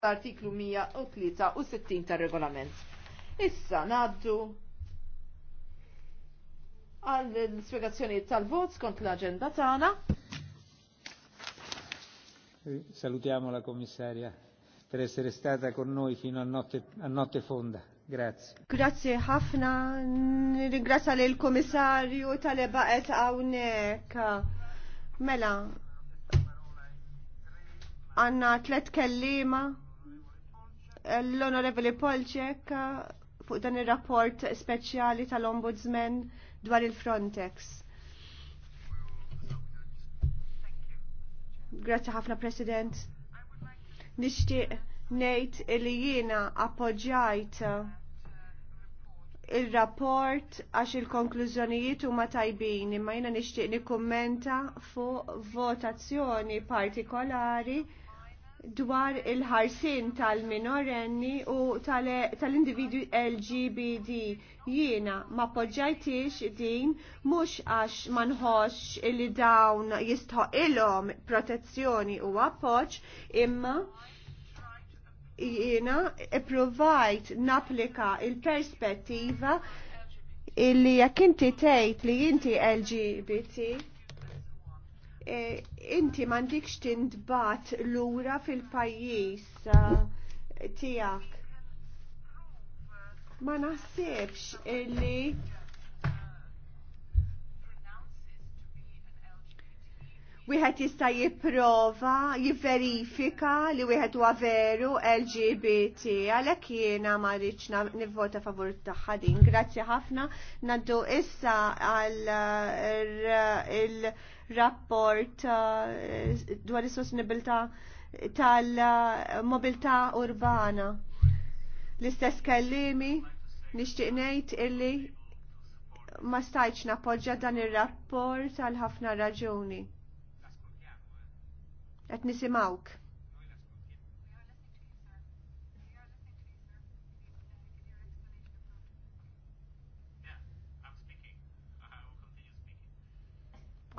l-artiklu 163 tar regolament. Issa naddu għall l-spiegazzjoni tal-vot skont l-agenda tagħna. Eh, salutiamo la commissaria per essere stata con noi fino a notte, a notte fonda. Grazie. Grazie ħafna. Ringrazja lil komissarju tal-eba qed hawnhekk. Mela, għanna tlet kellima l-Onorevoli Polċek fuq dan il-rapport speċjali tal-Ombudsman dwar il-Frontex. Grazie ħafna President. Nixtieq ngħid li jiena appoġġjajt il-rapport għax il-konklużjonijiet huma tajbin, imma jiena nixtieq nikkummenta fuq votazzjoni partikolari dwar il-ħarsin tal-minorenni u tal-individu tal LGBT. Jiena ma poġġajtix din mux għax manħox li dawn jistħoqilhom protezzjoni u appoġġ imma jiena provajt naplika il-perspettiva illi jekk inti tgħid li inti LGBT Eh, inti m'għandikx tintbat lura fil-pajjiż eh, tiegħek. Ma naħsibx illi. wieħed jista' jipprova, jivverifika li wieħed huwa veru LGBT għalhekk jiena ma rridx nivvota favur tagħha din. Grazzi ħafna. Naddu issa għal il-rapport eh, dwar is-sostenibilità tal-mobilità urbana. L-istess kellimi nixtieq ngħid illi ma stajtx nappoġġja dan ir-rapport għal ħafna raġuni. Qed nisimgħuk.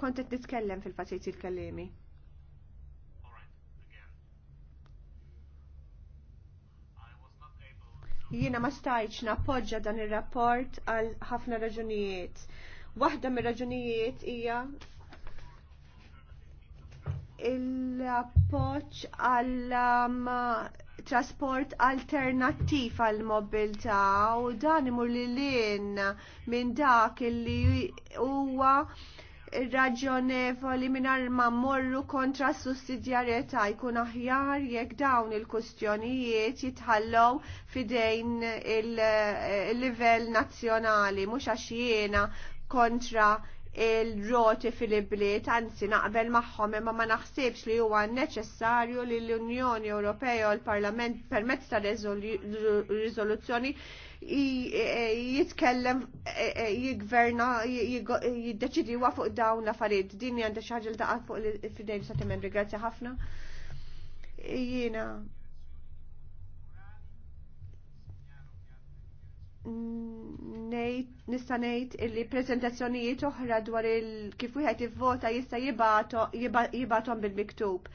Kont qed nitkellem fil-fatit il-kallemi. jiena ma stajċ nappoġġa dan ir-rapport għal ħafna raġunijiet. Waħda mir-raġunijiet hija il-appoċ għal um, trasport alternattiv għal mobilità u dan imur li l-in minn dak li huwa raġjonevoli minn ma morru kontra s sussidjarjetà jkun aħjar jekk dawn il-kustjonijiet jitħallow fidejn il-livell nazzjonali mhux għax jiena kontra il-roti fil ibliet anzi naqbel magħhom imma ma naħsibx li huwa neċessarju li l-Unjoni Ewropea u l-Parlament permezz ta' Rizoluzzjoni e-, jitkellem e-, e-, jigverna jiddeċidi huwa fuq dawn l-affarijiet. Din hija xi ħaġa li taqgħod fuq fidejn sa' membri. Grazzi ħafna. Jiena nista' ngħid illi prezentazzjonijiet oħra dwar il kif wieħed ivvota jista' jibgħathom bil-miktub.